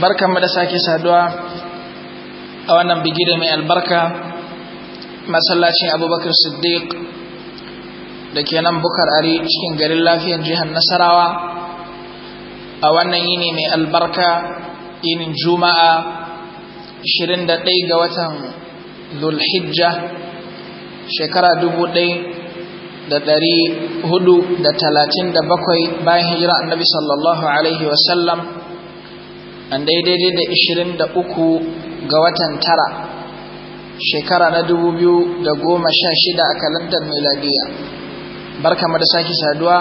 barkan mu da sake saduwa a wannan bigire mai albarka masallacin abubakar siddiq da ke nan bukar ari cikin garin lafiyar jihar nasarawa a wannan yini mai albarka yinin juma'a 21 ga watan zulhijja shekara 1437 bayan hijira annabi sallallahu alaihi wasallam an daidai da 23 ga watan tara shekara na 2016 a kalandar miladiya barka da sake saduwa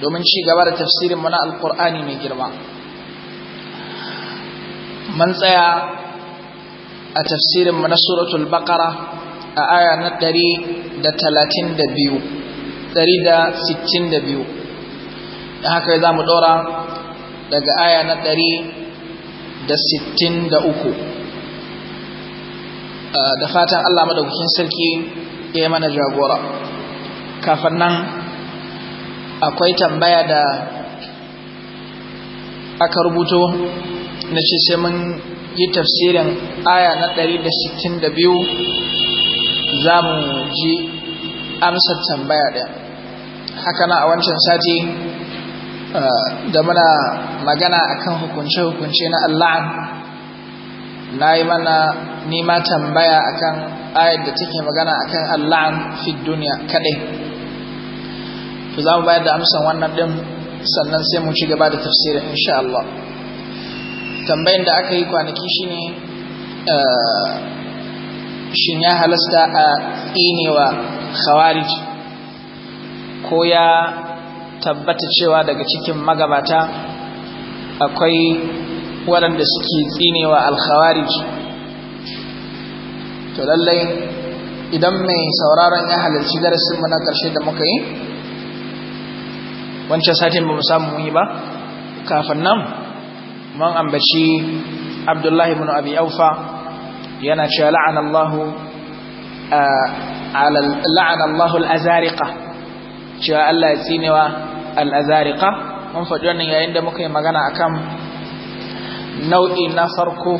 domin ci gaba da tafsirin mana alkur'ani mai girma man tsaya a tafsirin mana suratul baqara a aya na 132 sittin da haka za mu dora daga aya na ɗari da sittin da uku ah, da fatan Allah madaukakin sarki ya yi mana jagora kafin nan akwai tambaya da aka rubuto na ce sai mun yi tafsirin aya na 162 za mu ji amsar tambaya ɗaya haka na a wancan sati Eh, da muna magana akan hukunce-hukunce na Allah na yi mana nima tambaya akan ayar da take magana akan Allah fi duniya kadai to za mu bayar da amsan wannan din sannan sai mu ci gaba da tafsirin insha Allah tambayin da aka yi kwanaki shine eh, shin ya halasta a tsinewa khawarij ko ya tabbata cewa daga cikin magabata akwai waɗanda suke tsinewa alkhawarij to lallai idan mai sauraron ya halarci darasinmu na ƙarshe da muka yi wancan satin ba mu samu yi ba kafin nan man ambaci abdullahi ibn abi aufa yana cewa la'anallahu allahu la'ana cewa allah ya tsinewa al-azariqa mun faɗi wannan yayin da muka yi magana akan nau'i na farko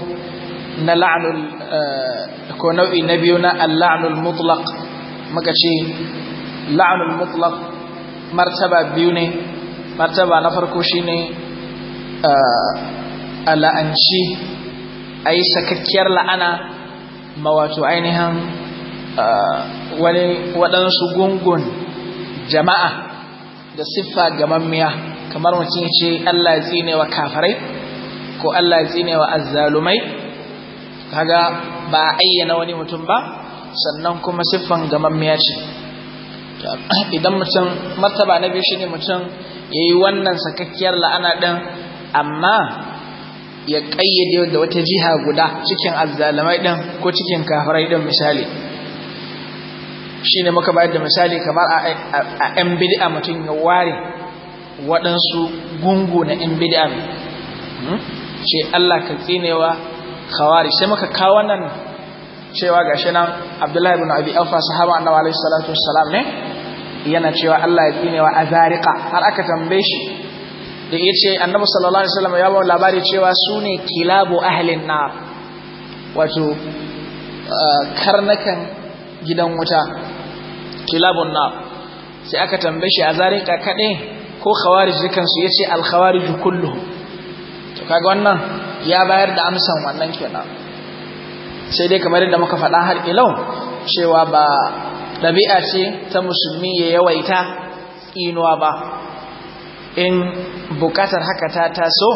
na la'anul eh, ko nau'i na biyu na al-la'nul mutlaq muka ce la'nul mutlaq martaba biyu ne martaba na farko shine eh, ala'anci ai sakakkiyar la'ana ma wato ainihin eh, waɗansu gungun jama'a da siffa ga mamiya kamar mutum ya ce Allah ya tsine wa kafirai ko Allah ya tsine wa azzalumai kaga ba a ayyana wani mutum ba sannan kuma siffan ga mamiya ce idan mutum martaba na biyu shine mutum yayi wannan sakakkiyar la'ana din amma ya kayyade da wata jiha guda cikin azzalumai din ko cikin kafirai din misali Shi ne muka bayar da misali kamar a ‘yan bid'a mutum ya ware waɗansu gungu na ‘yan bid'a ce hmm? Allah ka tsinewa kawari sai muka kawo nan cewa ga shi nan Abdullahi bin Abi Alfa sahaba annabi alaihi salatu Salam ne yana cewa Allah ya tsinewa azariqa har aka tambaye shi da ce annabi sallallahu alaihi wasallam ya ba labari cewa sune kilabu ahlin na. wato uh, karnakan gidan wuta kilabun na sai aka tambaye shi zarin kade ko khawarij dukan su yace al khawarij to kaga wannan ya bayar da amsan wannan kenan sai dai kamar yadda muka faɗa har ilau cewa ba ɗabi'a ce ta musulmi ya yawaita inuwa ba in bukatar haka ta taso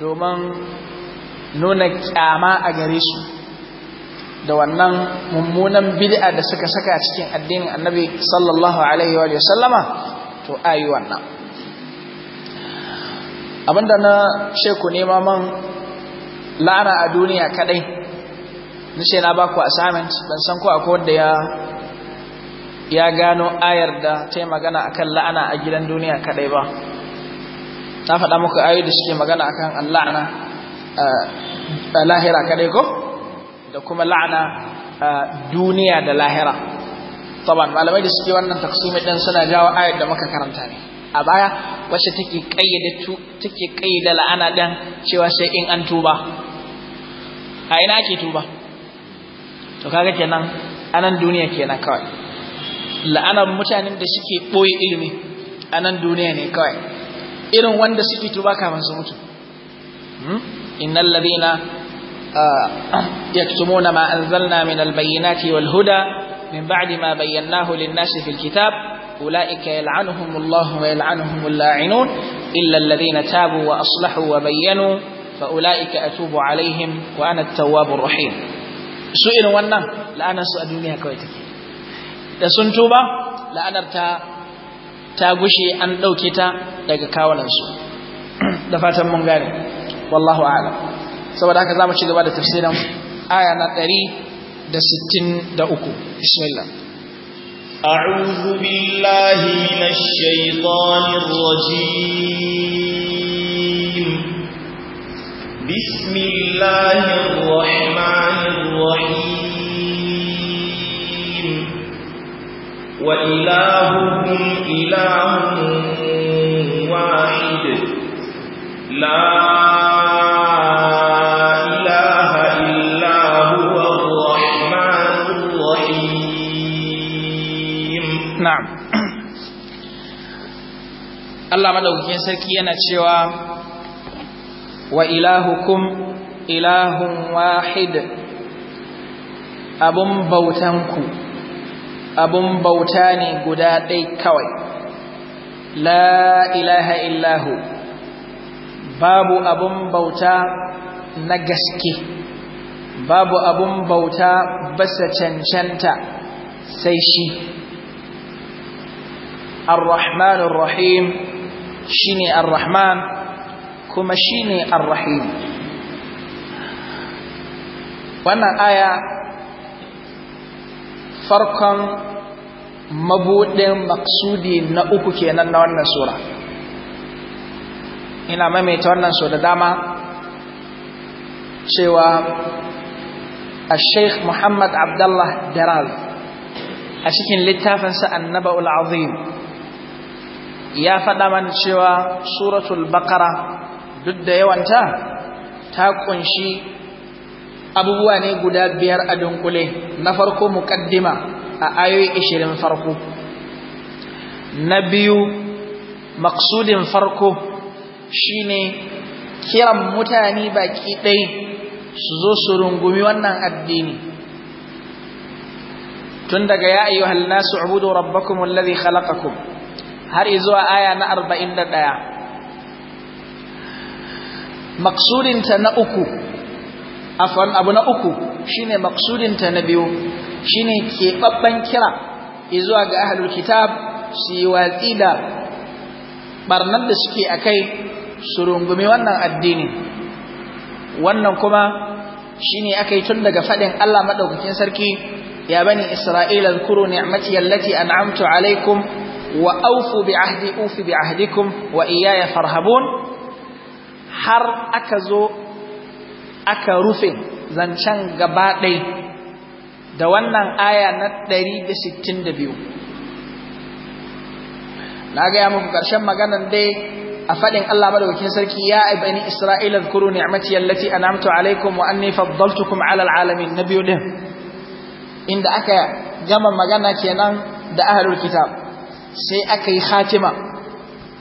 domin nuna ƙyama a gare su da wannan mummunan bid'a da suka saka cikin addinin annabi sallallahu alaihi wa sallama to ayi wannan abinda na sheku nema man la'ana a duniya kadai na ce na ba ku assignment ban san ko akwai wanda ya ya gano ayar da ta yi magana akan la'ana a gidan duniya kadai ba na faɗa muku ayoyi da suke magana akan la'ana eh, a lahira kadai ko da kuma la'ana duniya da lahira taban malamai da suke wannan taksimi din suna jawo ayat da muka karanta ne a baya wacce take kayyade take kayyade la'ana dan cewa sai in an tuba a ina ake tuba to kaga kenan anan duniya kenan kawai la'anar mutanen da suke boye ilimi anan duniya ne kawai irin wanda suke tuba kafin su mutu hmm? innal ladina يكتمون ما أنزلنا من البينات والهدى من بعد ما بيناه للناس في الكتاب أولئك يلعنهم الله ويلعنهم اللاعنون إلا الذين تابوا وأصلحوا وبينوا فأولئك أتوب عليهم وأنا التواب الرحيم سئل ونا لأنا سؤال دنيا كويتك da sun tuba la'anar ta ta gushe an ɗauke ta daga kawunansu da fatan mun gane wallahu a'lam saboda haka mu ci gaba da tafsirin aya na 163 bismillah a'udhu da uku shaitanir rajim bismillahir rahmanir rahim na'am Allah madaukakin sarki yana cewa wa ilahukum ilahun wahid abun bautanku abun bauta ne guda ɗai kawai la ilaha illahu babu abun bauta na gaske babu abun bauta basa cancanta sai shi الرحمن الرحيم شيني الرحمن كما شيني Wannan aya farkon فرقا مبودin maksudi na uku kenan na wannan sura ina maimaita wannan so da dama cewa al-sheikh muhammad abdullah daral a cikin littafinsa annaba'ul azim ya faɗa mana cewa suratul baƙara duk da yawanta ta kunshi abubuwa ne guda biyar a dunkule na farko muƙaddima a ayoyi ishirin farko na biyu maksudin farko shine kiran mutane baki ɗai su zo su rungumi wannan addini tun daga ya ayyuhal nasu ubudu rabbakum alladhi khalaqakum har zuwa aya na 41 maksudinta na uku afwan abu na uku shine maksudinta na biyu shine keɓaɓɓen kira zuwa ga ahlul kitab su yi watsi da da suke a kai su rungumi wannan addini wannan kuma shine aka tun daga faɗin Allah maɗaukakin sarki ya bani Isra'ila zkuru ni'mati allati an'amtu alaikum wa aufu bi ahdi ufi bi ahdikum wa iyaya farhabun har aka zo aka rufe zancen gaba ɗai da wannan aya na 162 na gaya muku ƙarshen maganan dai a faɗin Allah madaukakin sarki ya ibani Isra'ila zkuru ni'mati allati an'amtu alaykum wa anni faddaltukum 'ala al'alamin biyu din inda aka gama magana kenan da ahlul kitab sai aka yi hatima,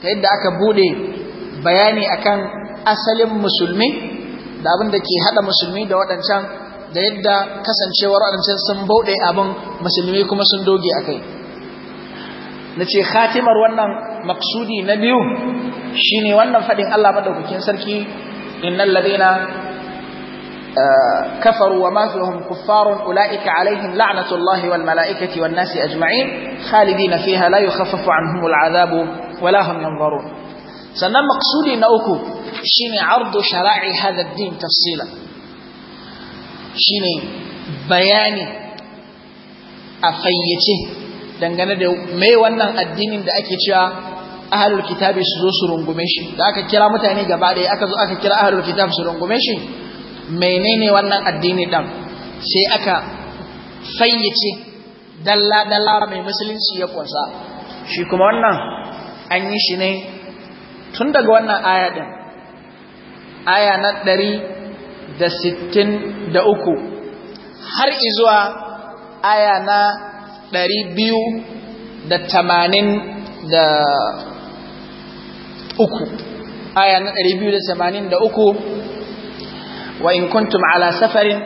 ta yadda aka bude bayani akan asalin musulmi da abin da ke hada musulmi da waɗancan da yadda kasancewar waɗancan sun bude abin musulmi kuma sun doge a kai na ce khatimar wannan maksudi na biyu shine wannan faɗin Allah madaukakin sarki innal ladina كفروا وماتوا وهم كفار أولئك عليهم لعنة الله والملائكة والناس أجمعين خالدين فيها لا يخفف عنهم العذاب ولا هم ينظرون سنة مقصودي نأكو شيني عرض شرائع هذا الدين تفصيلا شيني بياني أفيته dangane da mai wannan addinin da ake cewa ahlul kitabi su zo su rungume shi da aka kira mutane gaba ɗaya aka zo aka kira ahlul kitab su rungume shi menene wannan addini ɗan sai aka fayyace dalla-dalla mai musulunci ya ƙunsa shi kuma wannan an yi shi ne tun daga wannan aya ɗin aya na ɗari da sittin da uku har izuwa aya na ɗari biyu da tamanin da uku aya na ɗari biyu da tamanin da uku وإن كنتم على سفر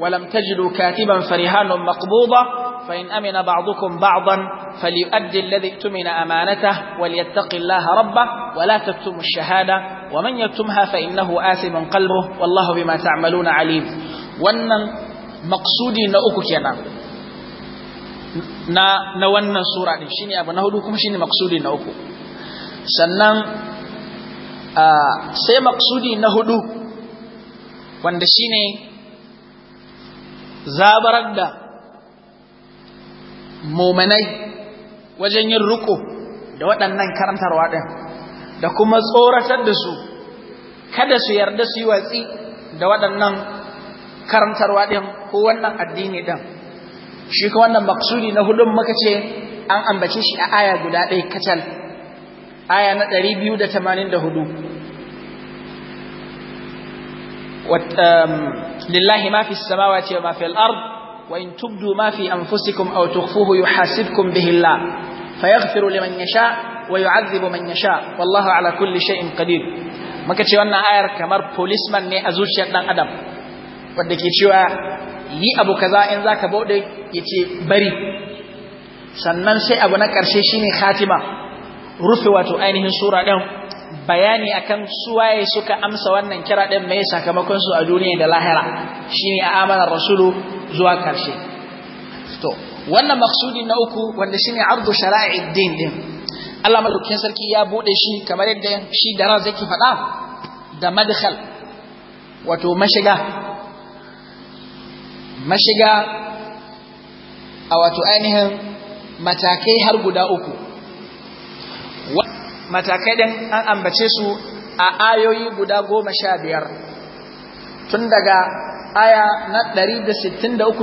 ولم تجدوا كاتبا فرهان مقبوضة فإن أمن بعضكم بعضا فليؤدي الذي اؤتمن أمانته وليتق الله ربه ولا تكتموا الشهادة ومن يكتمها فإنه آثم قلبه والله بما تعملون عليم وأن مقصودي أن uku kenan na سورة شيني أبو نهدوكم شيني مقصودي na hudu kuma shine maksudi na uku wanda shine zabarar da mumanai wajen yin riko da waɗannan karantarwa ɗin da kuma tsoratar da su kada su yarda su yi watsi da waɗannan karantarwa ɗin ko wannan addini ɗin shi ka wannan maksudi na hudun muka ce an ambace shi a aya guda ɗaya kacal aya na ɗari biyu da tamanin da hudu Um, lillahi mafi fi samawati wa ma fi al-ard wa in tubdu ma fi anfusikum aw tukhfuhu yuhasibkum bihi Allah fayaghfiru liman yasha wa yu'adhibu man yasha wallahu ala kulli shay'in qadir maka ce wannan ayar kamar policeman ne a zuciyar dan adam wanda ke cewa yi abu kaza in zaka bauɗe yace bari sannan sai abu na ƙarshe shine khatima rufe wato ainihin sura ɗin bayani akan suwaye suka amsa wannan kira din mai sakamakon su a duniya da lahira shine amanar rasulu zuwa karshe to wannan maksudi na uku wanda shine ardu shara'id din din Allah madaukakin sarki ya bude shi kamar yadda shi da zaki faɗa da madkhal wato mashiga mashiga a wato ainihin matakai har guda uku matakai ɗin an ambace su a ayoyi guda goma sha biyar tun daga aya na ɗari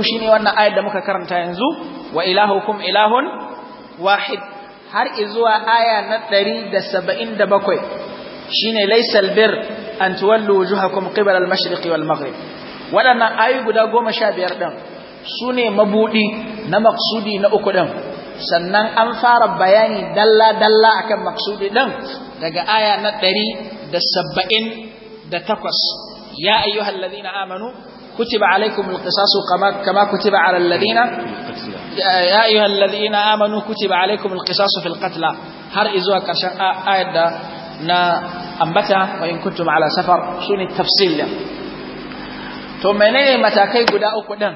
shine wannan ayar da muka karanta yanzu wa ilahukum ilahun wahid har izuwa aya na ɗari da shine laisal bir an tuwallu wujuhakum qibala al-mashriqi wal maghrib waɗannan ayoyi guda goma sha biyar ɗin su ne mabuɗi na maksudi na uku ɗin sannan an fara bayani dalla-dalla akan maksudi ɗin daga aya na ɗari da saba'in da takwas ya ayyuhal ladina amanu كتب عليكم القصاص كما كما كتب على الذين يا ايها الذين امنوا كتب عليكم القصاص في har izuwa karshen ayar da na ambata wa in kuntum ala safar shine tafsil din to menene matakai guda uku din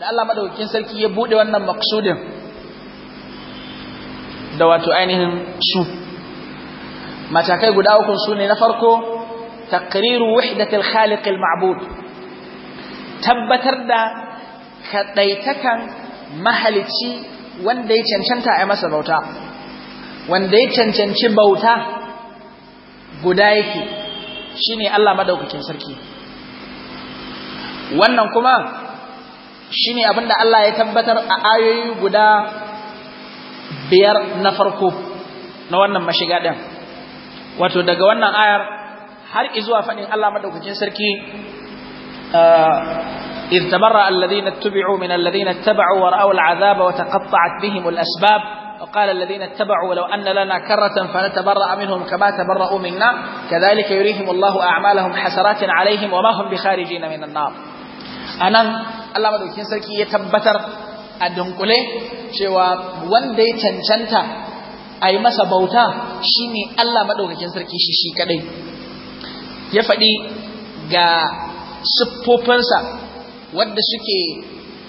da Allah madaukakin sarki ya bude wannan maksudin da wato ainihin su matakai guda uku ne na farko taqriru wahdatil khaliq al ma'bud tabbatar da kadaitakan mahalici wanda ya cancanta a masa bauta wanda ya cancanci bauta guda yake shine Allah madaukakin sarki wannan kuma shine abinda Allah ya tabbatar a ayoyi guda biyar na farko na wannan mashiga ɗin wato daga wannan ayar har izuwa faɗin Allah maɗaukakin sarki إذ تبرأ الذين اتبعوا من الذين اتبعوا ورأوا العذاب وتقطعت بهم الأسباب وقال الذين اتبعوا لو أن لنا كرة فنتبرأ منهم كما تبرأوا منا كذلك يريهم الله أعمالهم حسرات عليهم وما هم بخارجين من النار أنا الله مدوكين سركي يتبتر a dunkule cewa wanda ya cancanta a yi masa bauta shine Allah maɗaukakin sarki shi shi kaɗai ya faɗi ga siffofinsa wadda suke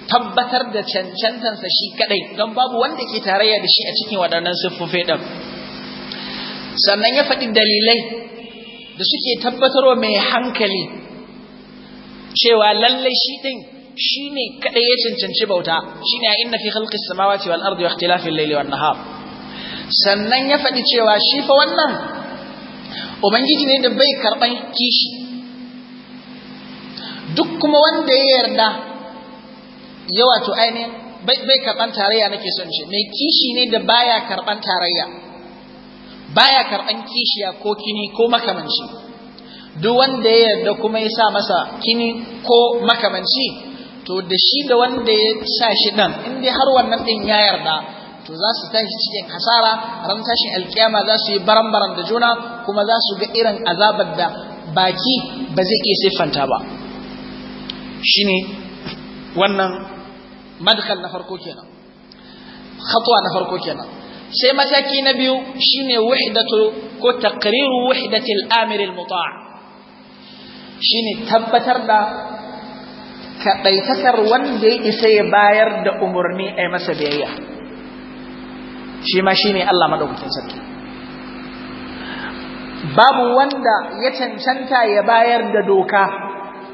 tabbatar da cancantansa shi kaɗai don babu wanda ke tarayya da shi a cikin waɗannan siffofi ɗin sannan ya faɗi dalilai da suke tabbatarwa mai hankali cewa lallai shi ɗin shine ya cancanci bauta shine a inna fi samawati wal ardi wa layli wan nahar sannan ya faɗi cewa shi fa wannan ubangiji ne da bai karban kishi duk kuma wanda ya yarda ya wato ainihin bai karban tarayya nake son ce mai kishi ne da baya karban tarayya baya karban kishiya ko kini ko makamanci duk wanda ya yarda kuma ya sa masa kini ko makamanci to da shi da wanda ya sa shi ɗan in dai har wannan ɗin ya yarda to za su tashi cikin hasara ran tashin alkiyama za su yi baran-baran da juna kuma za su ga irin azabar da baki ba zai iya siffanta ba shine wannan madkhal na farko kenan khatwa na farko kenan sai mataki na biyu ne wahdatu ko taqriru wahdati al-amir shi ne tabbatar da kaɗaitakar wanda ya isa ya bayar da umarni a masa biyayya shi ma shi ne Allah maɗaukakin sarki babu wanda ya cancanta ya bayar da doka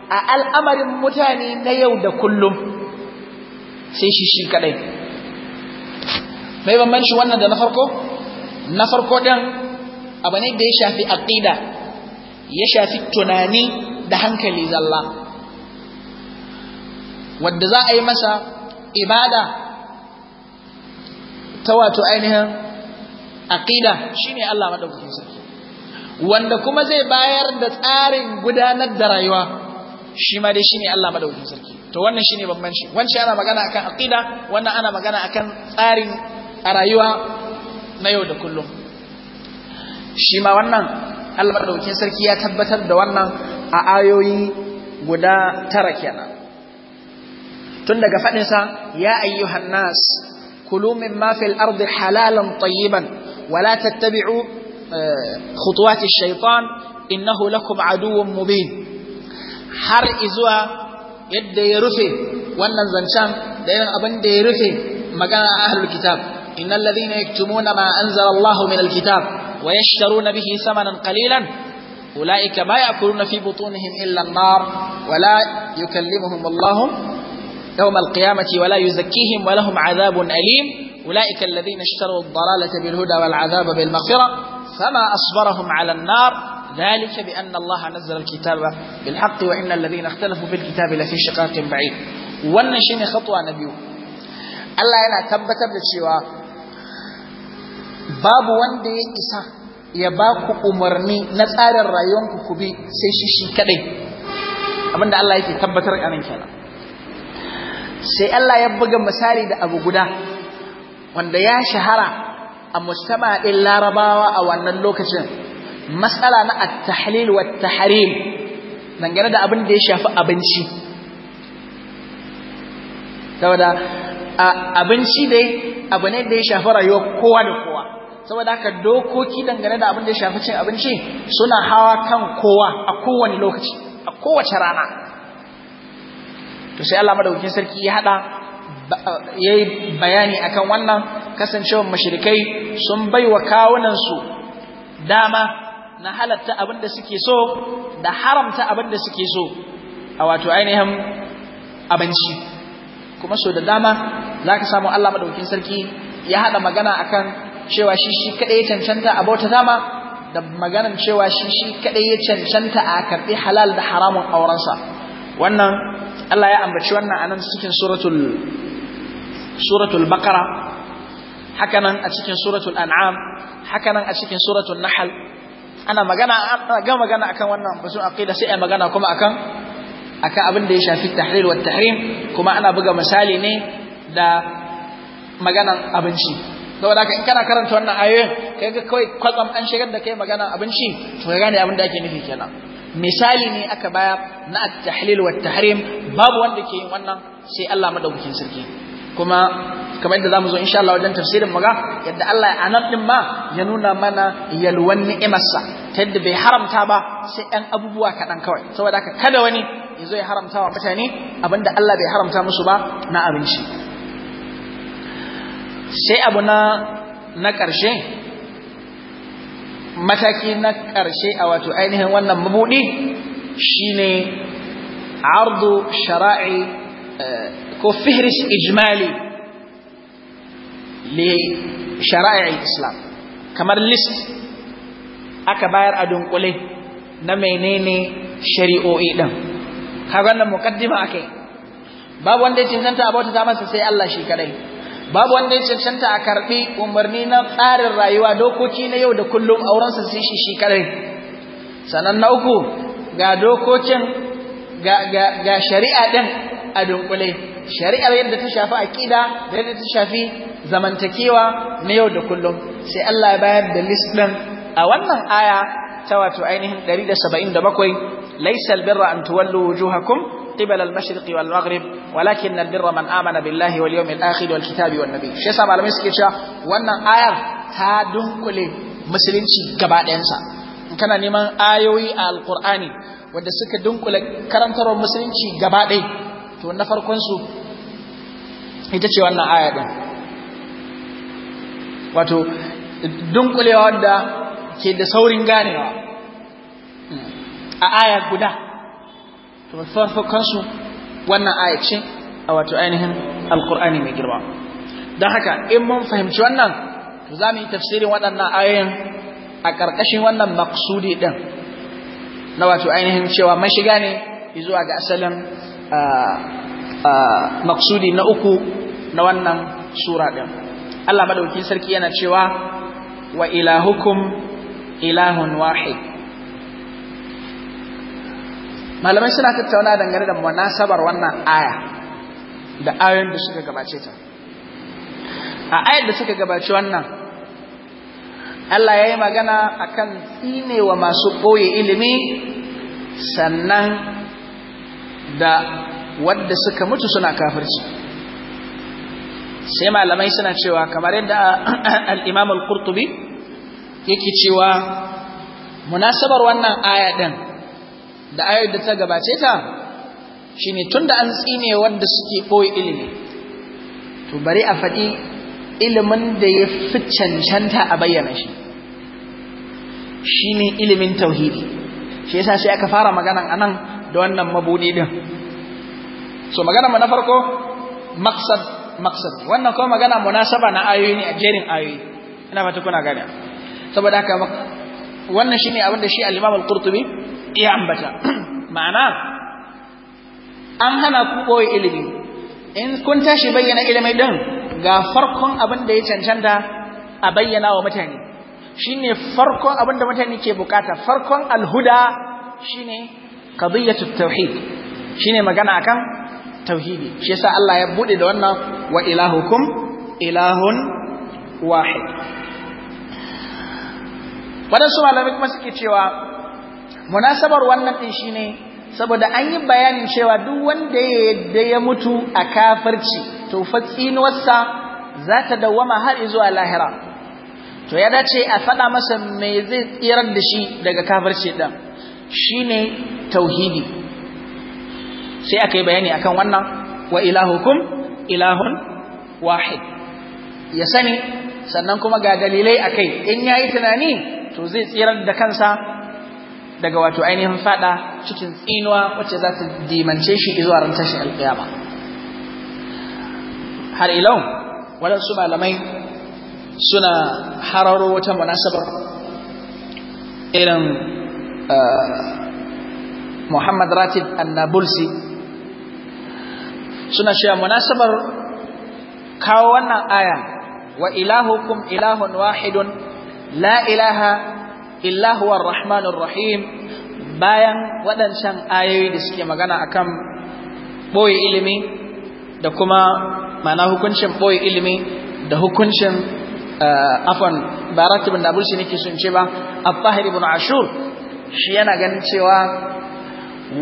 a al'amarin mutane na yau da kullum sai shi shi kaɗai mai shi wannan da na farko na farko ɗin abu ne da ya shafi aƙida ya shafi tunani da hankali zalla wanda za a yi masa ibada ta wato ainihin aqida shine Allah madaukakin sarki wanda kuma zai bayar da tsarin gudanar da rayuwa shi ma dai shine Allah madaukakin sarki to wannan shine babban shi wancan ana magana akan aqida wannan ana magana akan tsarin a rayuwa na yau da kullum shi ma wannan Allah madaukakin sarki ya tabbatar da wannan a ayoyi guda tara kenan tun daga faɗinsa ya ayyuhan nas kulu mimma fil ardi halalan tayyiban wala tattabi'u khutuwati shaytan innahu lakum aduwwun mubin har izuwa yadda ya rufe wannan zancen da irin abin da ya rufe magana ahlul kitab innal ladhina yaktumuna ma anzala Allahu min alkitab wa yashtaruna bihi thamanan qalilan أولئك ما يأكلون في بطونهم إلا النار ولا يكلمهم الله يوم القيامة ولا يزكيهم ولهم عذاب أليم أولئك الذين اشتروا الضلالة بالهدى والعذاب بالمغفرة فما أصبرهم على النار ذلك بأن الله نزل الكتاب بالحق وإن الذين اختلفوا في الكتاب لفي شقاق بعيد wannan خطوة khatwa ألا أنا تبت بالشواء باب وندي cewa babu wanda ya isa ya ba ku umarni na tsarin rayuwanku ku bi sai sai Allah ya buga misali da abu guda wanda ya shahara a mujtama din larabawa a wannan lokacin matsala na at-tahlil wa at-tahrim dangane da abin da ya shafi abinci saboda abinci dai abu ne da ya shafi rayuwar kowa da kowa saboda haka dokoki dangane da abin da ya shafi cin abinci suna hawa kan kowa a kowane lokaci a kowace rana to sai Allah madaukakin sarki ya hada yayi bayani akan wannan kasancewar mushrikai sun baiwa kawunan su dama na halatta abin da suke so da haramta abin suke so a wato ainihin abinci kuma so da dama zaka samu Allah madaukakin sarki ya hada magana akan cewa shi shi kadai cancanta a bauta dama da maganan cewa shi shi kadai ya cancanta a karbi halal da haramun aurensa wannan Allah ya ambaci wannan anan cikin suratul suratul baqara hakanan a cikin suratul an'am hakanan a cikin suratul nahl ana magana ana ga magana akan wannan batun aqida sai ai magana kuma akan akan abin da ya shafi tahlil wa tahrim kuma ana buga misali ne da maganan abinci saboda haka in kana karanta wannan ayoyin kai ga kawai kwatsam an shigar da kai magana abinci to ka gane abin da ake nufi kenan misali ne aka baya na tahlil wa tahrim babu wanda ke yin wannan sai Allah madaukakin sarki kuma kamar yadda zamu zo insha Allah wajen tafsirin maga yadda Allah anan din ma ya nuna mana yalwan ni'imarsa ta yadda bai haramta ba sai ɗan abubuwa kaɗan kawai saboda haka kada wani ya zo ya haramta wa mutane abinda Allah bai haramta musu ba na abinci sai abu na na ƙarshe mataki na ƙarshe a wato ainihin wannan mabuɗi shine ardu shara'i eh, ko fihris ijmali li shara'i islam kamar list aka bayar a dunkule na menene shari'o'i ɗin kaga wannan muqaddima akai babu wanda ya cancanta abota ta masa sai Allah shi kadai babu wanda ya cancanta a karɓi umarni na tsarin rayuwa dokoki na yau da kullum aurensa sai shi shi kadai sannan na uku ga dokokin ga shari'a ɗin a dunkule shari'ar yadda ta shafi aƙida da yadda ta shafi zamantakewa na yau da kullum sai Allah ya bayar da list ɗin a wannan aya ta wato ainihin 177 laysal birra an tuwallu wujuhakum qibala al walakin al-birra man billahi wal yawmil akhir wal kitabi wan nabi shi yasa malamai wannan ayar ta dunkule musulunci gaba kana neman ayoyi a alqur'ani wanda suka dunkule karantarwar musulunci gaba to na farkon su ita ce wannan aya din wato dunkulewa wanda ke da saurin ganewa hmm. a aya guda to farfakon wannan ayacin a wato ainihin alkur'ani mai girma don haka in mun fahimci wannan to za mu yi tafsirin waɗannan ayoyin a ƙarƙashin wannan maksudi ɗin na wato ainihin cewa mashiga ne zuwa ga asalin maksudi na uku na wannan sura ɗin Allah maɗauki sarki yana cewa wa ilahukum ilahun wahid malamai suna tattauna dangane da munasabar wannan aya da ayoyin da suka gabace ta a ayar da suka gabace wannan Allah ya yi magana akan tsinewa masu ɓoye ilimi sannan da wadda suka mutu suna kafirci sai malamai suna cewa kamar yadda al'imam al-kurtubi yake cewa munasabar wannan aya ɗin da ayar da ta gabace ta shi ne tun da an tsine wanda suke koyi ilimi to bari a faɗi ilimin da ya fi cancanta a bayyana shi shi ne ilimin tauhidi shi yasa sai aka fara maganan anan da wannan mabuɗi din so magana mu na farko maksad maksad wannan kuma magana munasaba na ayoyi ne a jerin ayoyi ina fata kuna gane saboda haka wannan ne abin da shi al-Imam al-Qurtubi ya ambata ma'ana an hana ku koyi ilimi in kun tashi bayyana ilimi din ga farkon abin da ya cancanta a bayyana wa mutane shine farkon abin da mutane ke bukata farkon al-huda shine qadiyatu tauhid shine magana akan tauhidi shi yasa Allah ya bude da wannan wa ilahukum ilahun wahid waɗansu malamai kuma suke cewa munasabar wannan ɗin shine saboda an yi bayanin cewa duk wanda ya ya mutu a kafirci to fa tsinuwarsa za ta dawwama har zuwa lahira to ya dace a faɗa masa me zai tsirar da shi daga kafirci ɗin shine tauhidi sai aka yi bayani akan wannan wa ilahukum ilahun wahid ya sani sannan kuma ga dalilai a kai in ya yi tunani to zai tsirar da kansa daga wato ainihin fada cikin tsinuwa wacce za ta dimance shi zuwa ran shi alƙiyama har ilau waɗansu malamai suna hararo wata munasabar irin eh, Muhammad Ratib Annabulsi suna cewa munasabar kawo wannan aya wa ilahukum ilahun wahidun la ilaha illa huwa arrahmanur rahim bayan waɗancan ayoyi da suke magana akan boye ilimi da kuma mana hukuncin boye ilimi da hukuncin eh, afan barat ibn abul shi nake sun ce ba abahir ibn ashur shi yana ganin cewa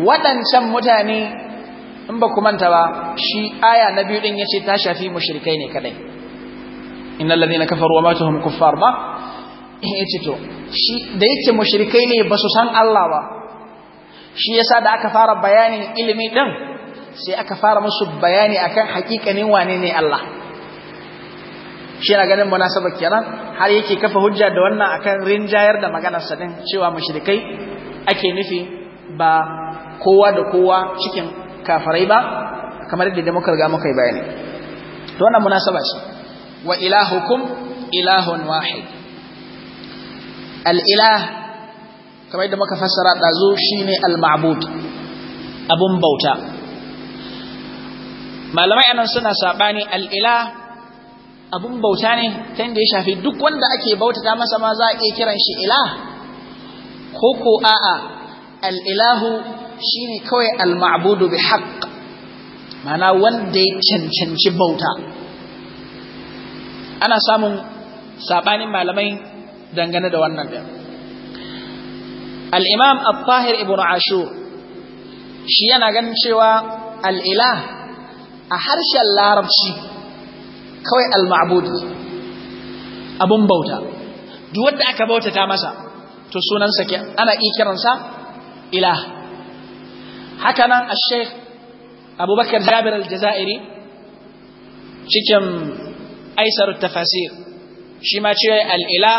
waɗancan mutane in ba ku manta ba shi aya na biyu din yace ta shafi mushrikai ne kadai innal ladina kafaru wa matu kuffar ba eh, yace to da yake mashirikai ne ba su san Allah ba shi yasa da aka fara bayanin ilimi din sai aka fara musu bayani akan hakikanin wane ne Allah shi na ganin munasabar kenan har yake kafa hujja da wannan akan rinjayar da maganar sa din cewa mushrikai ake nufi ba kowa da kowa cikin kafirai ba kamar yadda muka riga muka yi bayani to wannan munasaba ce wa ilahukum ilahun wahid al'ilah kamar yadda muka fassara ɗazu ne al-ma'bud abun bauta malamai anan suna saɓani al'ilah abun bauta ne ta yadda ya shafi duk wanda ake bautata masa ma za a iya kiran shi ilah ko ko a'a al'ilahu shine kawai al-ma'budu bi haqq mana wanda ya cancanci bauta ana samun sabanin malamai dangane da wannan da al-imam al-tahir ibn ashur shi yana ganin cewa al-ilah a harshen larabci kawai al-ma'bud abun bauta duk wanda aka bauta ta masa to sunansa ke ana iya kiransa ilah haka nan al-sheikh abubakar jabir al-jazairi cikin aisar tafasir shi ma ce al'ila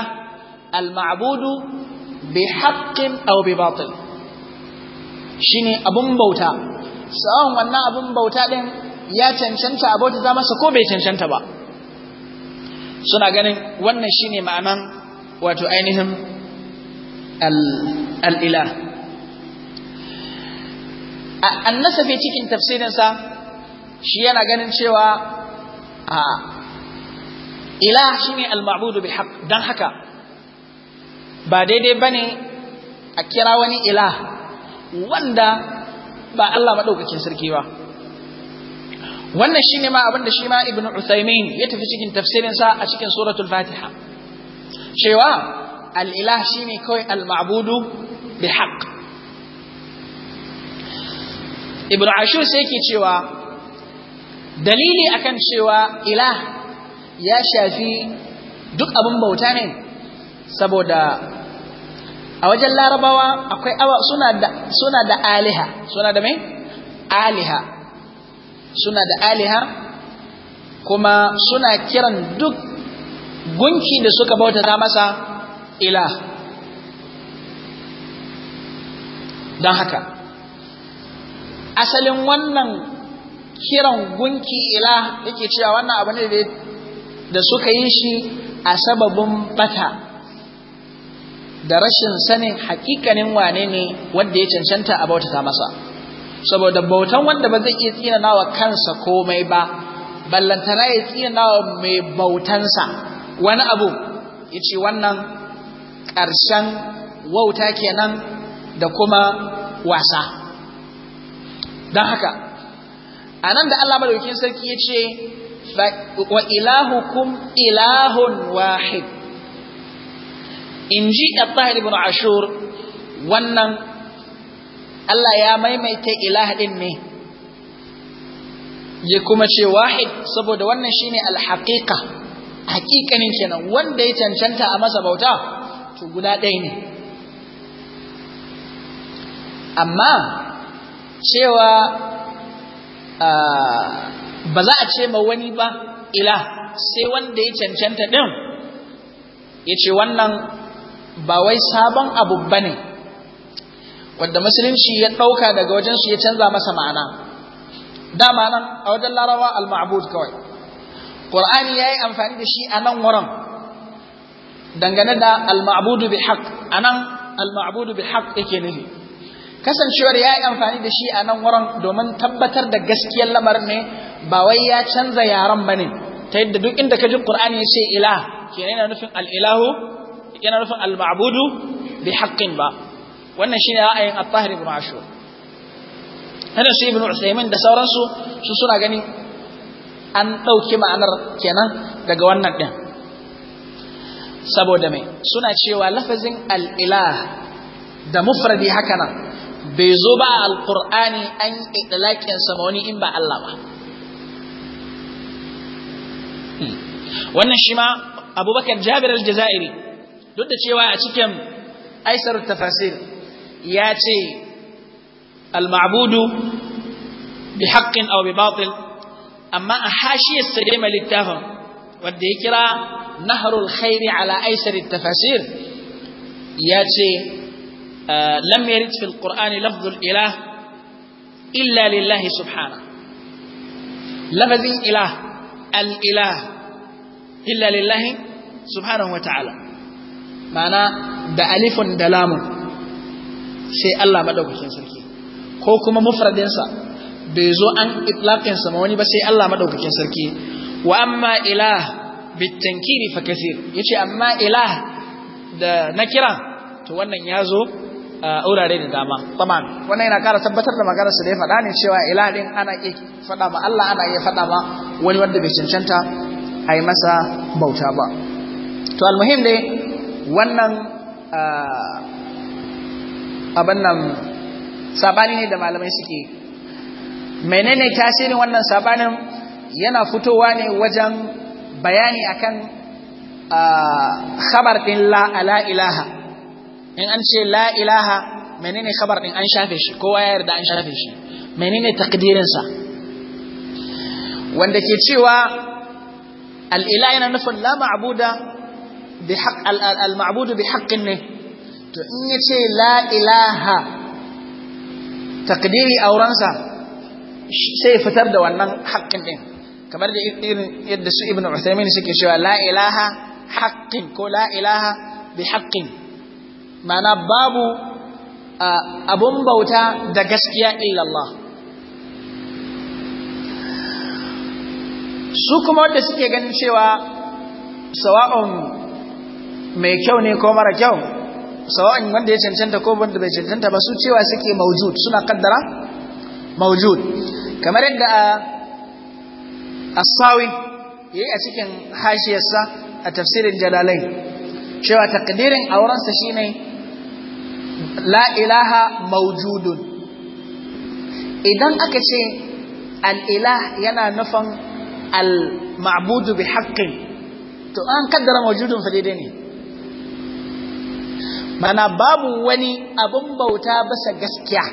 al bi haqqin bi batil ne abun bauta sawon wannan abun bauta din ya cancanta abota za masa ko bai cancanta ba suna ganin wannan ne ma'anan wato ainihin al'ila annasafe cikin tafsirinsa shi yana ganin cewa ilah shine al-ma'budu bihaq dan haka ba daidai bane a kira wani ilah wanda ba Allah madaukakin sarki ba wannan shine ma abinda shi ma ibn Uthaymeen ya tafi cikin tafsirin sa a cikin suratul Fatiha cewa al-ilah shine kawai al-ma'budu bihaq ibn Ashur sai yake cewa dalili akan cewa ilah ya shafi duk abin bauta ne saboda a wajen larabawa akwai awa suna da suna da aliha suna da mai aliha suna da aliha kuma suna kiran duk gunki da suka bauta ta masa ila don haka asalin wannan kiran gunki ila yake cewa wannan abu ne da da suka yi shi a sababin bata da rashin sanin hakikanin wane ne wanda ya cancanta a bautata masa saboda bautan wanda ba zai iya tsina tsinanawa kansa komai ba ballantana ya tsinanawa mai bautansa wani abu ya ce wannan ƙarshen wauta kenan da kuma wasa don haka a nan da Allah madaukin sarki ya ce wa ilahukum ilahun wahid in ji al ibn ashur wannan Allah ya maimaita ilah din ne ya kuma ce wahid saboda wannan shine ne haqiqa haƙiƙanin kenan wanda ya cancanta a masa bauta to guda ɗaya ne amma cewa ah, ba za a ce ma wani ba ila sai wanda ya cancanta ɗin ya ce wannan ba wai sabon abu ba ne wanda musulunci ya ɗauka daga wajensu ya canza masa ma'ana dama nan a wajen larawa al-ma'bud kawai ƙur'ani ya yi amfani da shi a nan wurin dangane da al-ma'budu bi haq a nan al-ma'budu bi haq yake nufi kasancewar ya yi amfani da shi a nan wurin domin tabbatar da gaskiyar lamarin ne ba wai ya canza yaran bane ta yadda duk inda ka ji ƙur'ani ya ce ilah kenan yana nufin al-ilahu yana nufin al bi haƙƙin ba wannan shine ra'ayin at-tahir ibn ashur hada shi ibn usaymin da sauransu su suna gani an ɗauki ma'anar kenan daga wannan ɗin. saboda mai suna cewa lafazin al-ilah da mufradi haka nan bai zo ba a alƙur'ani an ƙiɗalaƙin sama wani in ba Allah ba wannan shi ma abubakar jabir al-jazairi duk da cewa a cikin aisarut tafasir ya ce al-ma'budu bi haqqin aw bi batil amma a hashiyar sa dai littafin wanda ya kira nahrul khairi ala aisarit tafasir ya ce lam yarid fil qur'ani lafzul ilah illa lillahi subhanahu lafazin ilah al'ilah illa lillahi subhanahu wa ta'ala ma'ana da alifun da lamun sai Allah maɗaukakin sarki ko kuma mufradinsa bai zo an itlaƙinsa ma wani ba sai Allah maɗaukakin sarki wa amma ilah bitankiri fa kasir yace amma ilah da nakira to wannan ya zo aurare eh, da dama taman wannan yana kara tabbatar da maganar su da ya ne cewa ila din ana iya faɗa ma Allah ana iya faɗa ma wani wanda bai cancanta a masa bauta ba to almuhim dai wannan eh, abin nan sabani ne da malamai suke menene tasirin wannan sabanin yana fitowa ne wajen bayani akan eh, khabar din la ala ilaha in an ce la ilaha menene khabar din an shafe shi kowa ya yarda an shafe shi menene takdirinsa wanda ke cewa al'ila yana nufin la haq al-ma'budu bi haqqin ne to in ya ce la ilaha takdiri aurensa sai fitar da wannan haƙƙin din kamar da irin yadda su ibn Uthaymin suke cewa la ilaha haqqin ko la ilaha bi haqqin Ma'ana babu abun bauta da gaskiya illallah su kuma wanda suke ganin cewa sawa'un mai kyau ne ko mara kyau sawa'un wanda ya cancanta ko wanda bai cancanta ba su cewa suke maujud suna kaddara maujud kamar yadda a asawi yayi a cikin hashiyarsa a tafsirin jalalai cewa takdirin aurensa shine la ilaha maujudun idan aka ce al'ilah yana nufin al-ma'budu bi haƙƙin to an kaddara maujudun fa dai ne mana babu wani abin bauta basa gaskiya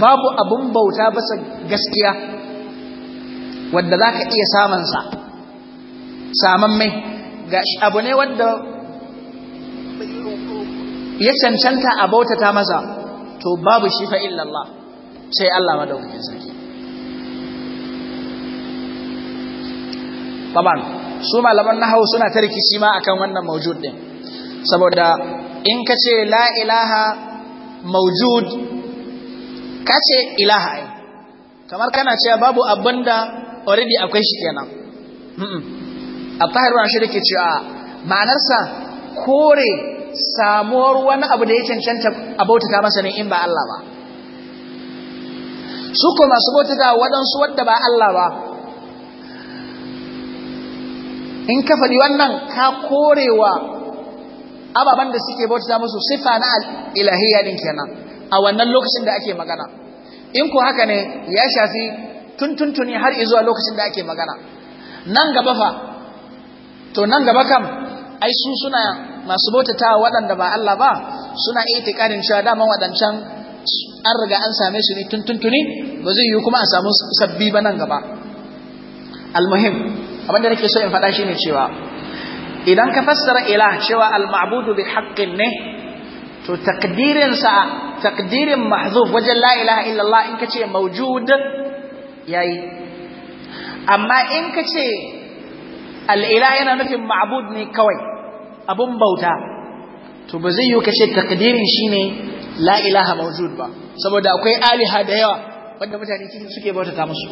babu abin bauta basa gaskiya wadda za ka iya samansa mai ga abu ne wadda ya cancanta a bautata masa to babu shi fa illallah sai Allah madaukakin sarki taban su malaman nahawu suna ta rikici ma akan wannan maujud din saboda in ka ce la ilaha maujud ka ce ilaha ai kamar kana cewa babu abinda already akwai shi kenan a tahiru shi da ke cewa ma'anarsa kore samuwar wani abu da ya cancanta a bautata masa ne in ba Allah ba su ko masu bautata waɗansu wadda ba Allah ba in ka faɗi wannan ka korewa ababen da suke bautata musu sifa na ilahiyya din kenan a wannan lokacin da ake magana in ko haka ne ya shafi tuntuntuni har zuwa lokacin da ake magana nan gaba fa to nan gaba kam ai su suna masu bautata waɗanda ba Allah ba suna itikarin cewa dama waɗancan an riga an same su ne tuntuntuni ba zai yi kuma a samu sabbi ba nan gaba almuhim abin da nake so in faɗa shine cewa idan ka fassara ila cewa al-ma'budu bi haqqin ne to takdirin sa takdirin mahzuf wajen la ilaha illallah in ka ce mawjud yayi amma in ka ce al-ila yana nufin ma'bud ne kawai abun bauta to ba zai yi kashe takdirin shine la ilaha mawjud ba saboda akwai aliha da yawa wanda mutane cikin suke bautata musu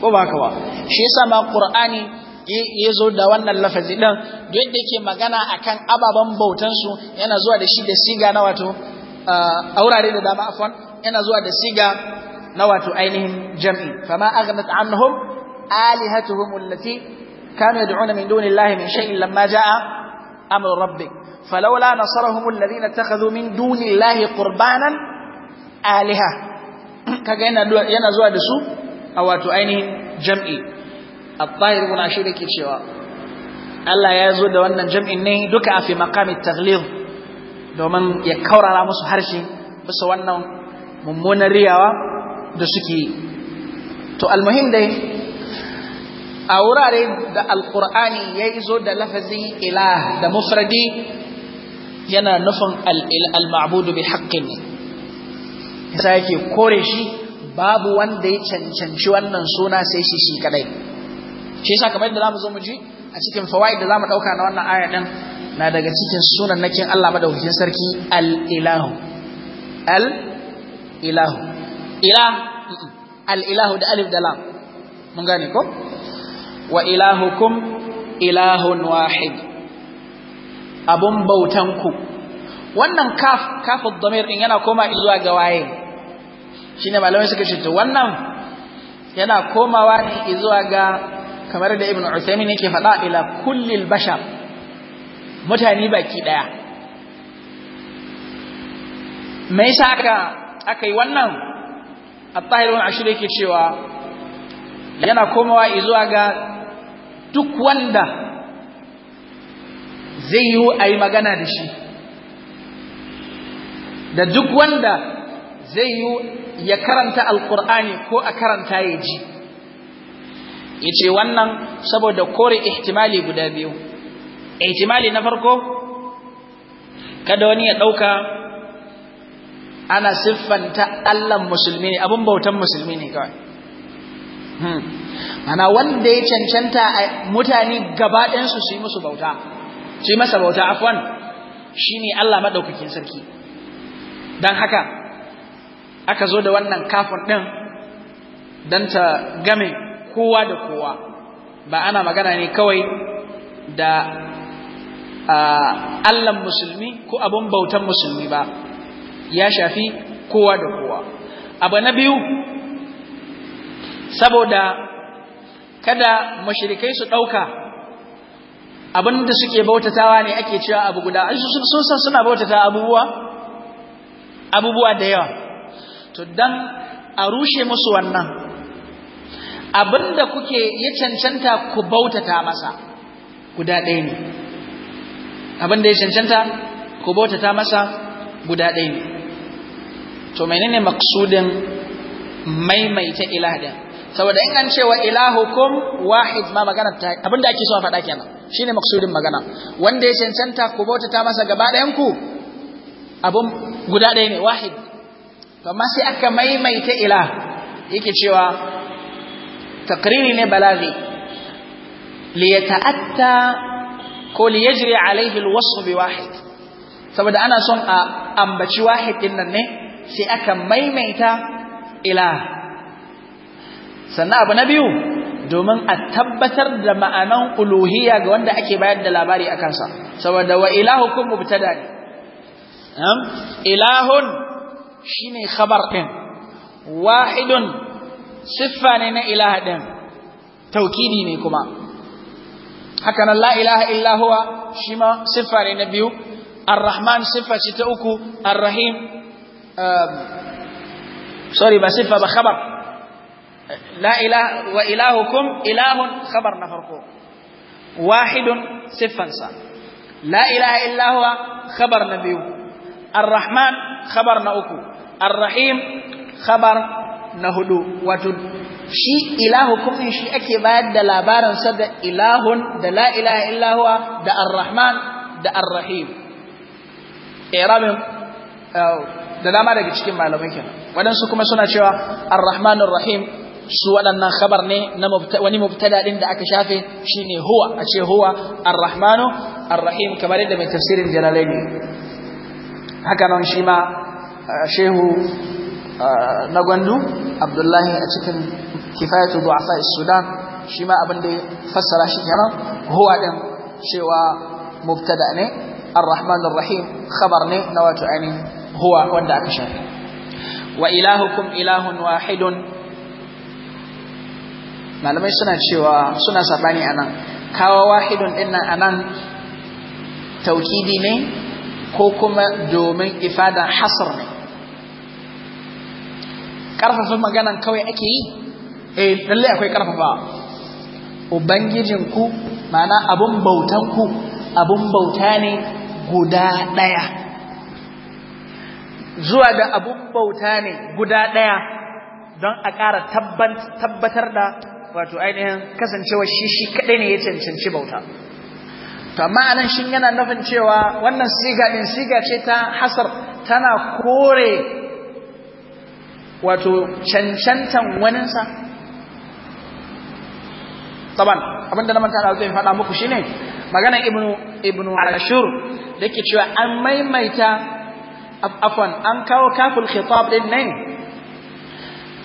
ko ba haka ba shi yasa ma qur'ani ya zo da wannan lafazi din duk da yake magana akan ababen bautan su yana zuwa da shi da siga na wato aurare da dama afwan yana zuwa da siga na wato ainihin jam'i fama aghnat anhum alihatuhum allati kanu yad'una min dunillahi min shay'in lamma jaa أمر ربك فلولا نصرهم الذين اتخذوا من دون الله قربانا آلهة kaga yana yana zuwa da su a wato ainihin jam'i at-tahir ibn ashir yake Allah ya zo da wannan jam'in ne duka a fi maqamit taghlid domin ya kaurara musu harshe bisa wannan mummunar riyawa da suke to almuhim dai a wurare da alkur'ani ya zo da lafazin ilah da mufradi yana nufin al bi haqqin yasa yake kore shi babu wanda ya cancanci wannan suna sai shi shi kadai shi yasa kamar yadda zamu zo mu ji a cikin fawaid da zamu ɗauka na wannan aya din na daga cikin sunan sunannakin Allah madaukakin sarki al-ilahu al-ilahu ilah al-ilahu da alif da lam mun gane ko wa ilahukum ilahun wahid abun bautanku wannan kaf kafin domir ɗin yana koma zuwa ga waye shine malamai suka ce wannan yana komawa ne zuwa ga kamar da ibn usaymin yake faɗa ila kullil bashar mutane baki ɗaya me yasa aka yi wannan at-tahirun ashir yake cewa yana komawa zuwa ga duk wanda zai yi a magana da shi da duk wanda zai yi ya karanta alkur'ani ko a karanta ya ji ya ce wannan saboda kore ihtimali guda biyu ihtimali na farko kada wani ya ɗauka ana siffanta allan musulmi ne abin bautan musulmi ne kawai hmm. ana wanda ya cancanta mutane gaba ɗayan su yi musu bauta su masa bauta afwan shine Allah maɗaukakin sarki don haka aka zo da wannan kafin ɗin don ta game kowa da kowa ba ana magana ne kawai da Allah musulmi ko abin bautan musulmi ba ya shafi kowa da kowa abu na biyu saboda kada mashirikai su ɗauka abinda da suke bautatawa ne ake cewa abu guda sun san suna bautata abubuwa abubuwa da yawa to dan a rushe musu wannan abinda da kuke ya cancanta ku bautata masa guda ɗaya ne abinda da ya cancanta ku bautata masa guda ɗaya ne to menene maksudin maimaita ilahin saboda in an cewa ilahukum wahid ma magana ta abinda ake so a faɗa kenan shine maksudin magana wanda ya cancanta ku ta masa gaba ɗayan ku abun guda ɗaya ne wahid to amma sai aka maimaita ilah yake cewa taqriri ne balaghi li yata'atta ko li yajri alayhi alwasf bi wahid saboda ana son a ambaci wahid din ne sai aka maimaita ilah sannan abu na biyu domin a tabbatar da ma'anan uluhiyya ga wanda ake bayar da labari a kansa saboda wa ilahukum mubtada ne ilahun shine khabar din wahidun siffa ne na ilaha din taukidi ne kuma haka nan la ilaha illa shi ma siffa ne na biyu arrahman siffa ce ta uku arrahim sorry ba siffa ba khabar la ilaha wa ilahukum ilahun khabar na farko wahidun siffansa la ilaha illa huwa khabar na biyu arrahman khabar na uku arrahim khabar na hudu wato shi ilahukum din shi ake bayar da labarin sa da ilahun da la ilaha illa huwa da arrahman da arrahim irabin uh, da dama daga cikin malamai kenan waɗansu kuma suna cewa arrahmanur rahim su waɗannan khabar ne na wani mubtada din da aka shafe shine huwa a ce huwa arrahmanu arrahim kamar yadda mai tafsirin jalalaini haka nan shi ma shehu na gwandu abdullahi a cikin kifayatu du'afa sudan shi ma abin da ya fassara shi kenan huwa din cewa mubtada ne arrahman arrahim khabar ne na wato ainihin huwa wanda aka shafe wa ilahukum ilahun wahidun malamai suna cewa suna sabani anan kawo wahidun din anan taukidi ne ko kuma domin ifadan hasr ne karfafa maganan kawai ake yi eh lalle akwai karfafa ubangijinku mana abun ku, abun bauta ne guda ɗaya zuwa da abun bauta ne guda ɗaya don a ƙara tabbatar da wato ainihin kasancewa shi shi kadai ne ya cancanci bauta to amma anan shin yana nufin cewa wannan siga din siga ce ta hasar tana kore wato cancantan waninsa taban abinda na manta da zai faɗa muku shine magana ibnu ibnu ashur dake cewa an maimaita afwan an kawo kaful khitab din nan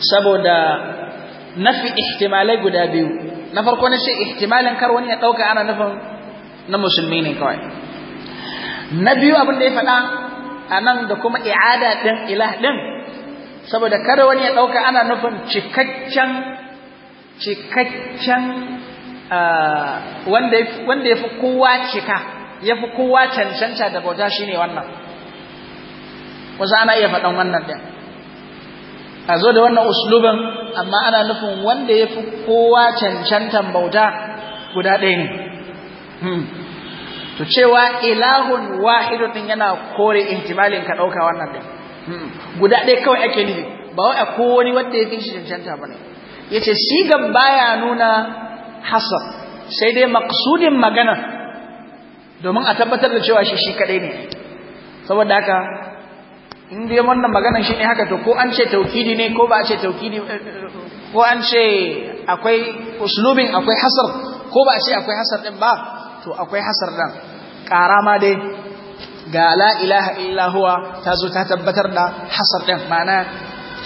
saboda nafi ihtimalai guda biyu na farko na ce ihtimalin kar wani ya ɗauka ana nufin na musulmi ne kawai na biyu abin da ya faɗa a nan da kuma i'ada ɗin ilah ɗin saboda kar wani ya ɗauka ana nufin cikakken cikakken wanda ya fi kowa cika ya fi kowa cancanta da bauta shine wannan wasu ana iya faɗan wannan ɗin a zo da wannan usluban amma ana nufin wanda ya fi kowa cancantan bauta guda ɗaya ne hmm. to cewa ilahun wahidu din yana kore intimalin ka ɗauka wannan ɗin hmm. guda ɗaya kawai ake nufi ba wai a kowani wanda ya fi shi cancanta ba ne ya ce sigan baya nuna hasab sai dai maksudin magana domin a tabbatar da cewa shi shi kaɗai ne saboda haka in dai wannan shi shine haka to ko an ce tauhidi ne ko ba a ce tauhidi ko an ce akwai uslubin akwai hasar ko ba a ce akwai hasar din ba to akwai hasar dan. Karama dai ga la ilaha illa huwa ta zo ta tabbatar da hasar din ma'ana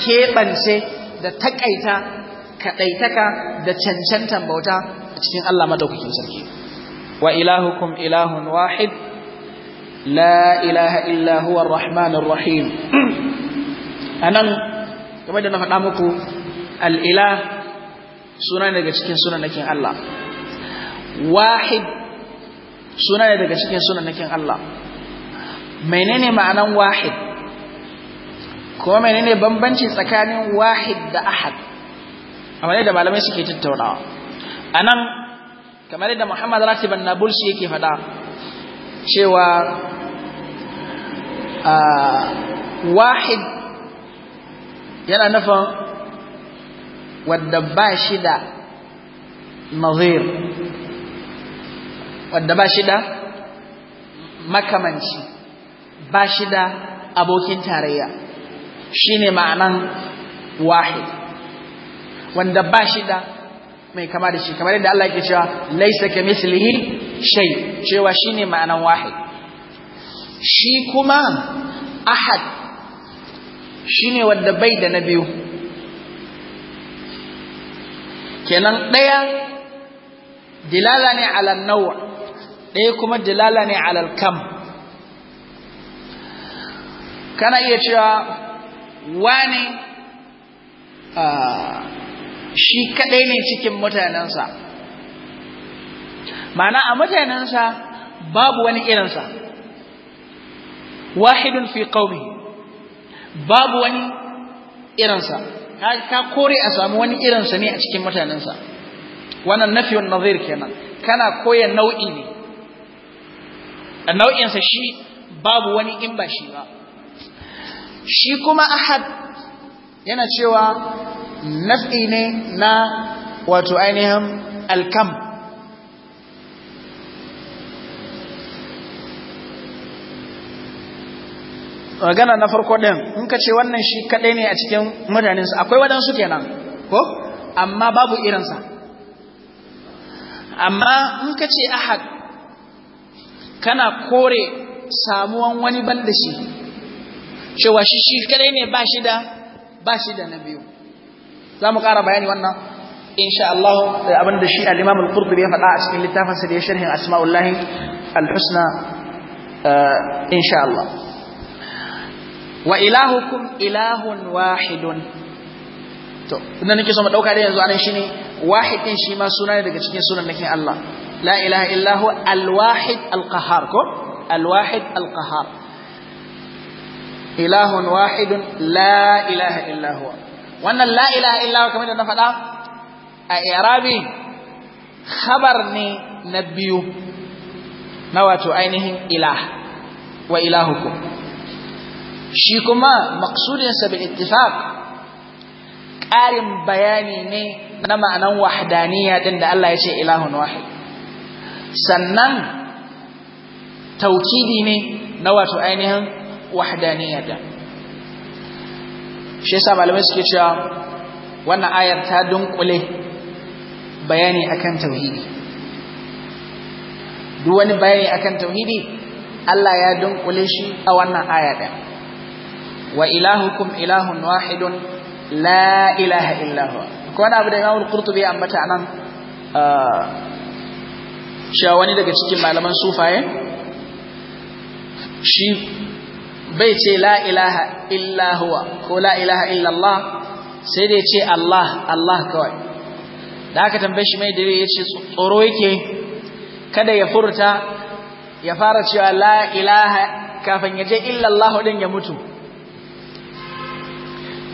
keɓance da takaita kaɗaitaka da cancantan bauta a cikin Allah madaukakin sarki wa ilahukum ilahun wahid la ilaha illa huwa rahmanir rahim anan kuma da na faɗa muku al'ila suna ne daga cikin sunanakin Allah wahid suna ne daga cikin sunanakin Allah menene ma'anan wahid kuma menene bambanci tsakanin wahid da ahad amma da malamai suke tattaunawa anan kamar da Muhammad Ratib an-Nabulsi yake faɗa cewa a wahid yana nufin wadda ba shi da nazir wadda ba shi da makamanci ba shi da abokin tarayya shine ma'anan wahid wanda ba shi da mai kama da shi kamar yadda Allah yake cewa laisa kamithlihi shay cewa shine ma'anan wahid shi kuma ahad shine wanda bai da na biyu kenan daya dilala ne ala naw' daya kuma dilala ne ala kam kana iya cewa wani ah, shi kadai ne cikin mutanensa ma'ana a mutanensa babu wani irinsa wahidun fi qaumi babu wani irinsa ka kore a samu wani irinsa ne a cikin mutanensa wannan nafiyun nazir kenan kana koya nau'i ne A nau'insa shi babu wani in ba shi ba shi kuma ahad yana cewa naf'i ne na wato ainihin alkam magana na farko ɗin in ka ce wannan shi kaɗai ne a cikin mutanensu akwai waɗansu kenan ko amma babu irinsa amma in ka ce ahad kana kore samuwan wani ban da shi cewa shi shi kaɗai ne ba shi da na biyu za mu ƙara bayani wannan insha Allah eh, da shi al-Imam al-Qurtubi ya faɗa a cikin littafin sa da ya sharhin Asma'ullah al-Husna eh, insha Allah wa ilahukum ilahun wahidun to idan nake so mu dauka da yanzu anan shine wahid shi ma suna ne daga cikin sunan nakin Allah la ilaha illa al-wahid al-qahhar ko al-wahid al-qahhar ilahun wahidun la ilaha illa wannan la ilaha illallah kamar da na faɗa a irabi khabar ne na biyu na wato ainihin ilah wa ilahukum shi kuma sa bi ittifaq ƙarin bayani ne na ma'anan wahdaniyya din da Allah ya ce ilahun wahid sannan taukidi ne na wato ainihin wahdaniya din shi yasa malamai suke cewa wannan ayar ta dunkule bayani akan tauhidi duk wani bayani akan tauhidi Allah ya dunkule shi a wannan aya da wa ilahukum ilahun wahidun la ilaha illahu ko wani abu da imamul qurtubi ambata anan ah, cewa wani daga cikin malaman sufaye shi bai ce la ilaha illa huwa ko la ilaha illa Allah sai dai ce Allah Allah kawai da aka tambaye shi mai dare yace tsoro yake kada ya furta ya fara cewa la ilaha kafin ya je illa Allah din ya mutu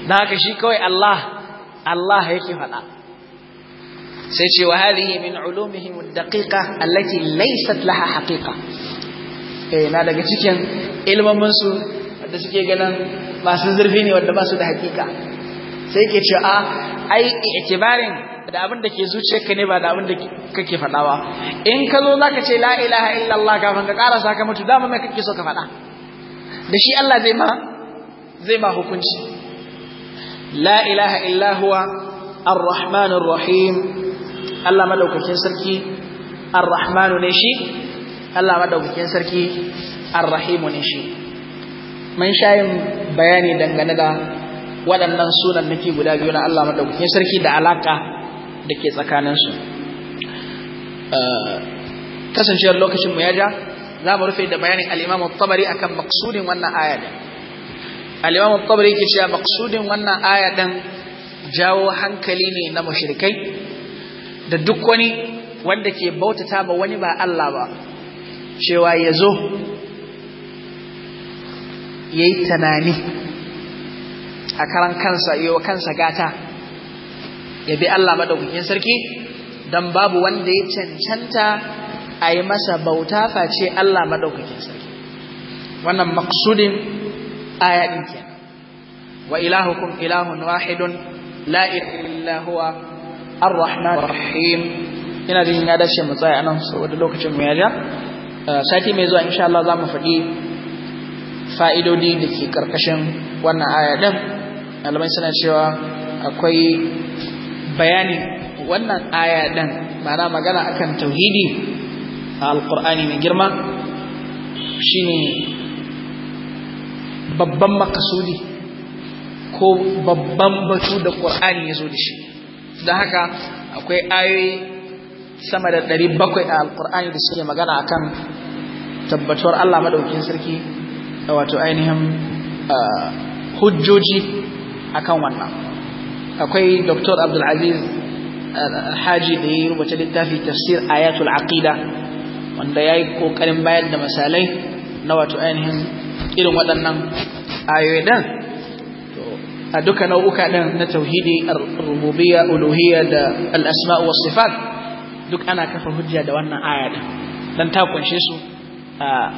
da haka shi kawai Allah Allah yake faɗa sai ce wa hadhihi min ulumihim ad-daqiqa allati laysat laha haqiqa Eh, na daga cikin ilmaminsu wadda suke ganin masu zurfi ne wanda masu da hakika sai ke ce a ah, ai itibarin da abin da ke zuciyarka ne ba da abin da kake faɗa ba in ka zo zaka ce la ilaha illallah kafin ka karasa ka mutu dama mai kake so ka faɗa da shi Allah zai ma zai ma hukunci la ilaha illa huwa ar-rahmanur rahim Allah madaukakin sarki ar-rahmanu ne shi Allah madaukakin sarki al-Rahimu ne shi mun shayin bayani dangane da waɗannan sunan nake guda biyu na Allah madaukakin sarki da alaka da ke tsakaninsu eh, kasancewar lokacin mu ya ja za mu rufe da bayanin al-Imam tabari akan maksudin wannan aya din al-Imam tabari yake cewa maksudin wannan aya din jawo hankali ne na mushrikai da duk wani wanda ke bautata ba wani ba Allah ba cewa ya zo ya yi tunani a karan kansa yi wa kansa gata ya bi Allah maɗaukakin sarki don babu wanda ya cancanta a yi masa bauta face Allah maɗaukakin sarki wannan maksudin ayyadin ke wa ilahukum ilahun wahidun la ilaha ar-rahman rahim ina jin ya dace mu tsaya anan saboda lokacin mu ya ja Eh, sati mai zuwa insha Allah za mu faɗi fa'idodi da ke ƙarƙashin wannan ayyadan. alamai suna cewa akwai bayani wannan aya ɗin ma'ana magana akan tauhidi a alƙur'ani mai girma shine babban makasudi ko babban batu da ƙur'ani ya zo da shi don haka akwai ayoyi sama da ɗari bakwai a alƙur'ani da suke magana akan tabbatuwar Allah madaukakin sarki wato ainihin uh, hujjoji kan wannan akwai Dr. Abdulaziz Aziz uh, Haji da ya rubuta littafi tafsir ayatul aqida wanda yayi ƙoƙarin bayar da misalai na wato ainihin irin waɗannan ayoyi a duka nau'uka ɗin na tauhidi rububiyya uluhiyya da al asmau was sifat duk ana kafa hujja da wannan aya din dan ta kunshe su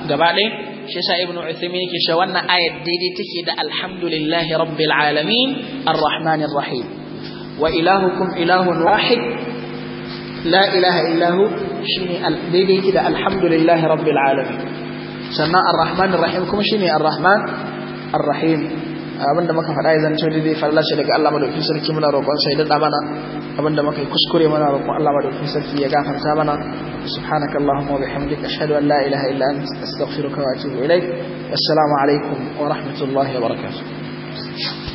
gaba ɗaya shi yasa ibnu uthaymeen yake cewa wannan ayat daidai take da alhamdulillahi rabbil alamin arrahmanir rahim wa ilahukum ilahun wahid la ilaha illahu shine daidai yake da alhamdulillahi rabbil alamin sannan arrahmanir rahim kuma shine arrahman arrahim abinda muka faɗa ya zanto daidai farla shi daga Allah madaukakin sarki muna roƙon sai da mana abinda muka kuskure muna roƙon Allah madaukakin sarki ya gafarta mana subhanakallahumma wa bihamdika ashhadu an la ilaha illa anta astaghfiruka wa atubu ilaik assalamu alaikum wa rahmatullahi wa barakatuh